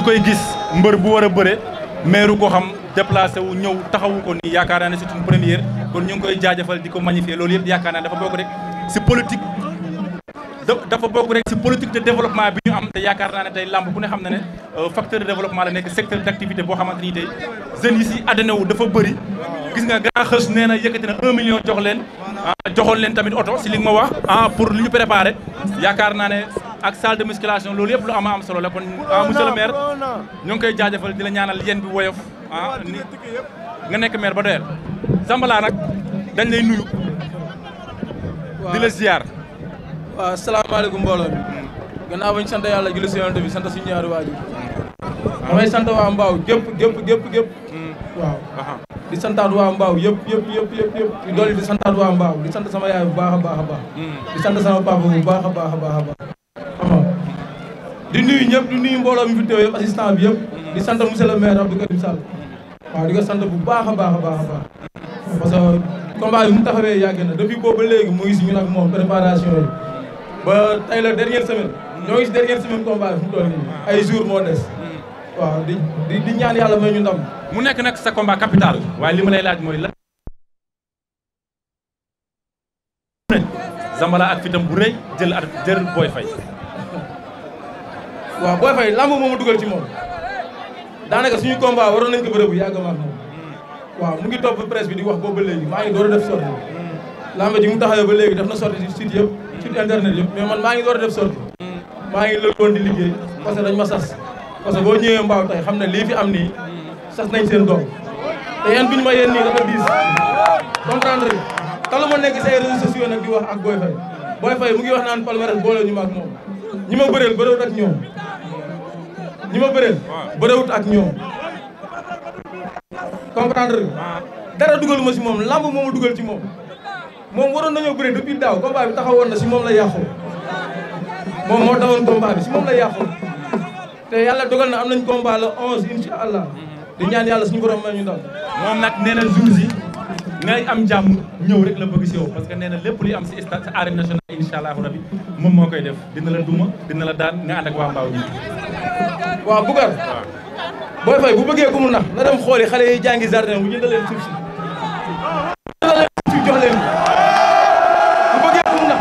ñu koy gis mbër bu war a bëre meeru ko xam déplacé wu ñëw taxawu ko nii yaakaar naa ne c'est une première kon ñu ngi koy jaajëfal di ko magnifier loolu yëpp yaakaar naa bi ñu am te yaakaar ne tey làmb ku ne xam na ne euh, facteur de développement la nekk secteur d' activité boo xamante tey jeunes yi si àddina wu dafa bëri gis nga grand xës nee na un million jox leen ah, joxoon leen tamit oto si li ma wax ah, pour li ñu préparé yaakaar naa ne ak salle de musculation loolu yëpp lu am am solo la kon ah, monsieur le maire ñu ngi koy jaajëfal di la ñaanal yéen bi woyof ah nga nekk maire ba doyal Zambala nag dañ lay nuyu di la ziar waaw salaamaaleykum mbooloo mi hmm. gannaaw bañ sant yàlla julli si yonent bi sant suñu ñaari waajur hmm. damay sant waa mbaaw gépp gépp gépp gépp hmm. waaw di santaat waa mbaaw yëpp yëpp yëpp yëpp yëpp di dolli di santaat waa mbaaw di sant sama yaay bu baax a baax a baax di sant sama papa bu baax a baax a baax a baax di nuyu ñëpp di nuyu mbooloo mi teew yëpp assistant bi yëpp di sant monsieur le maire Abdou Karim Sall waaw di ko sant bu baax a baax a baax a baax parce mu taxawee yàgg na depuis boobu ba léegi mu ngi si ñun moom préparation yi ba tey la dernière semaine ñoo ngi si dernière semaine combat bi fu mu toll nii ay jour moo des waaw di ñaan yàlla may ñu ndam mu nekk nag sa combat capital waaye li ma laaj mooy la Zambala bu rëy jël at jël Boy waaw Boy Faye lamb moom a dugal ci moom daanaka suñu combat waroon nañ ko bërëb bu yàgg ma moom waaw mu ngi topp presse bi di wax boobu ba léegi maa ngi door a def sortie lamb ji mu taxawee ba léegi def na sortie ci site yëpp ci internet yëpp mais man maa ngi door a def sortie maa ngi lëkkoon di liggéey parce que dañ ma sas parce que boo ñëwee mbaaw tey xam ne lii fi am nii sas nañ seen doom te yan biñu ma yéen nii dafa diis comprendre bi ma nekk say réseaux sociaux nag wax ak Boy Faye Boy mu ngi wax naan palmarès boole ñu ma ak moom ñi ma bëreel bëreel ak ñoom ñi ma bëreel bëreewut ak ñoom comprendre ah. dara dugalu si moom lamb moo ma dugal ci moom moom waroon nañoo bëree depuis daaw combat bi taxaw woon na si moom la yàqoo moom moo taxawoon combat bi si moom la yàqoo te yàlla dogal na am nañ combat le 11 incha allah di ñaan yàlla suñu borom may ñu ndaw. moom nag nee na jours yi ngay am jàmm ñëw rek la bëgg si yow parce que nee na lépp luy am si stade sa arène nationale incha allah rabi moom moo koy def dina la duma dina daan nga ànd waaw Boucar Boy Faye bu bëggee ku mu na dem xooli xale yi jàngi jardin mu jëndal leen suuf si jëndal leen suuf si jox leen bu bëggee ku mu na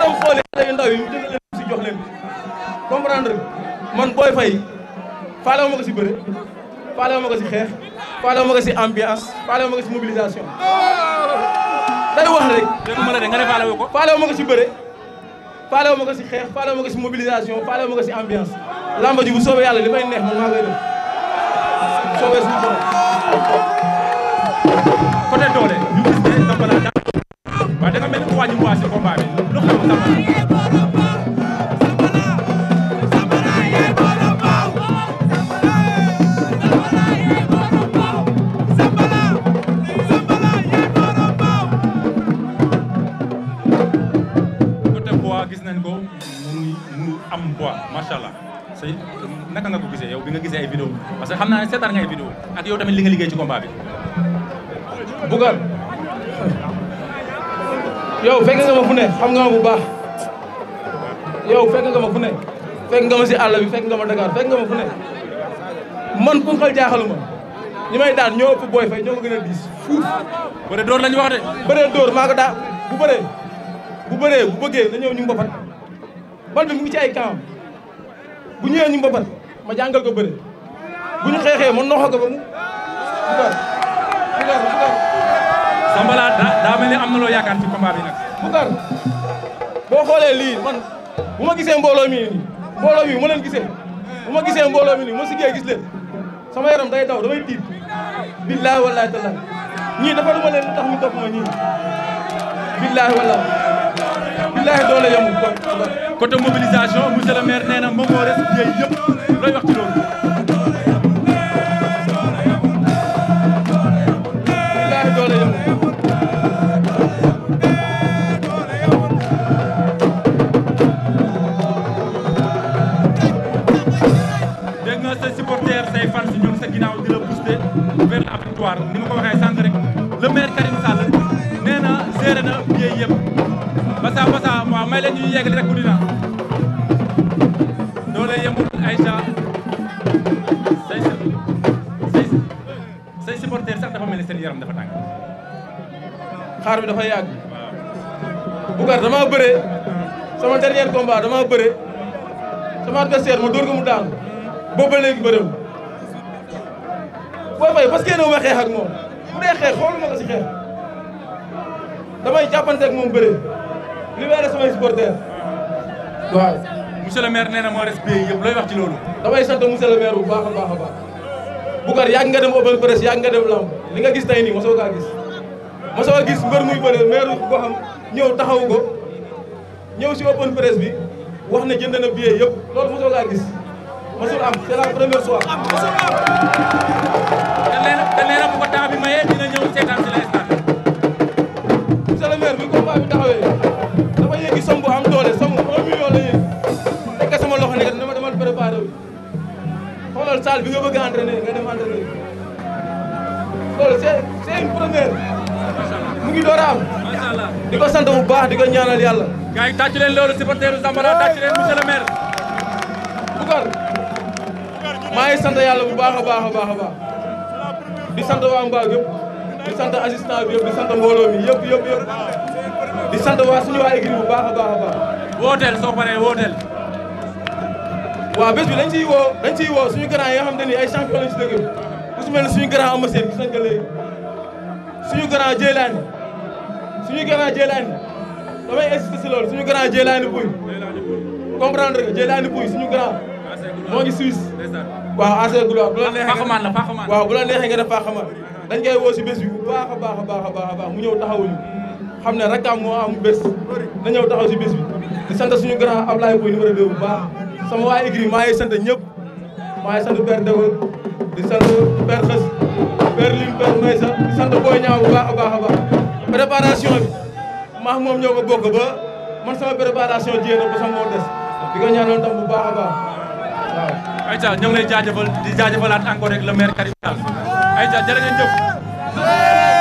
dem xooli xale yu ndaw yi mu jëndal leen comprendre man Boy Faye faalewu ma ko si bëre faalewu ma ko si xeex faalewu ma ko si ambiance faalewu ma ko si mobilisation day wax rek. dégg nga ma ne de nga ne faalewu ko. faalewu ma ko si bëre. faalewu ma ko si xeex faalewu ma ko si mobilisation faalewu ma ko si ambiance lamba ji bu soobee yàlla li may neex moom maa koy def soobee suñu borom côté doole ñu gis ne Zambala daa waaye da mel ni ku wàññi waa si combat bi lu xew Zambala quoi macha allah sëñ naka nga ko gisee yow bi nga gise ay vidéo parce que xam naa ne seetaan nga ay vidéo ak yow tamit li nga ci combat bi. Bougar yow fekk nga ma fu ne xam nga ma bu baax yow fekk nga ma fu ne fekk nga ma si àll bi fekk nga ma Dakar fekk nga ma fu ne man ku xal jaaxaluma ñi may daan ñoo ëpp booy fay ñoo gën a diis fuuf. bëre dóor lañu wax de. bëre dóor maa ko bu bëree bu bëree bu bëggee na ñëw ñu mbapat bal bi ngi ci ay camp bu ñëwee ñu mbapat ma jàngal ko bëre bu ñu xeexee ma noxo ko ba mu Boucar Boucar Boucar Sambala daa mel ni am na loo yaakaar ci combat bi nag Boucar boo xoolee lii man bu ma gisee mbooloo mi nii mbooloo mi ma leen gisee bu ma gisee mbooloo mi nii ma siggee gis leen sama yaram day daw damay tiit billaahi wallaahi taala ñii dafa duma leen lu tax ñu ñii billaahi wallaahi billaahi doole yemu côté mobilisation monsieur le nee na moom moo restitué yëpp looy wax ci loolu. billaahi doole yemu may leen ñuy yeggali rek Medina doole yëmbul Aïcha say say say supporter sax dafa mel ni bi dafa yàgg Boucar dama bëre sama dernier combat dama bëre sama adversaire ma dóor mu daan boobu ba boo fay parce que ne ma xeex ak moom bu dee xeex xooluma libéré samay supporters waaw. monsieur le maire nee na moo respecté yëpp looy wax ci loolu. damay sant monsieur le maire bu baax a baax a baax. Boucar yàgg nga dem open press yàgg nga dem lamb li nga gis tey nii mosoo kaa gis mosoo gis mbër muy bëre maire ko xam ñëw taxawu ko ñëw si open press bi wax ne jënd na bii yëpp loolu mosoo kaa gis mosul am c'est am mosul am. dañ leen a dañ leen a bu ko temps bi mayee ñëw seetaan si salle bi nga bëgg a entraîner nga dem entraîner loolu c'est c'est une première mu ngi door a am. macha allah di ko sant bu baax di ko ñaanal yàlla. gars yi tàcc leen loolu supporteru Zambala tàcc leen monsieur le maire. Boucar maa ngi sant yàlla bu baax a baax a baax a baax di sant waa Mbao yëpp di sant assistant bi yëpp di sant mbooloo mi yëpp yëpp yëpp di sant waa suñu waa équipe bu baax a baax a baax. wooteel soo paree wooteel. waaw bés bi dañ ciy woo dañ ciy woo suñu grand yi nga xam ne nii ay champion lañ si dëgg si mel ne suñu grand Ama Sène gis nañ ko léegi suñu grand Jeylaani suñu grand Jeylaani damay insisté si loolu suñu grand Jeylaani Pouy comprendre nga Jeylaani Pouy suñu grand moo ngi Suisse waaw AC Gloire bu la a waaw bu la a nga def faaxamaan dañ koy woo si bés bi bu baax a baax a baax a baax mu ñëw taxawuñu xam ne rakam moo mu bés na ñëw taxaw si bés bi di sant suñu grand Ablaye Pouy numéro 2 bu baax sama waa écrit maa ngi sant ñëpp maa ngi sant père Dégol di sant père Xës père Lim père di sant Boy Niang bu baax a baax a baax préparation bi moom ñoo ko bokk ba man sama préparation jiyee na ba sama moo des di ko ñaanal tam bu baax a baax waaw. ayca ñoo ngi lay jaajëfal di jaajëfalaat encore rek le maire Karim Sall ayca jërë ngeen jëf.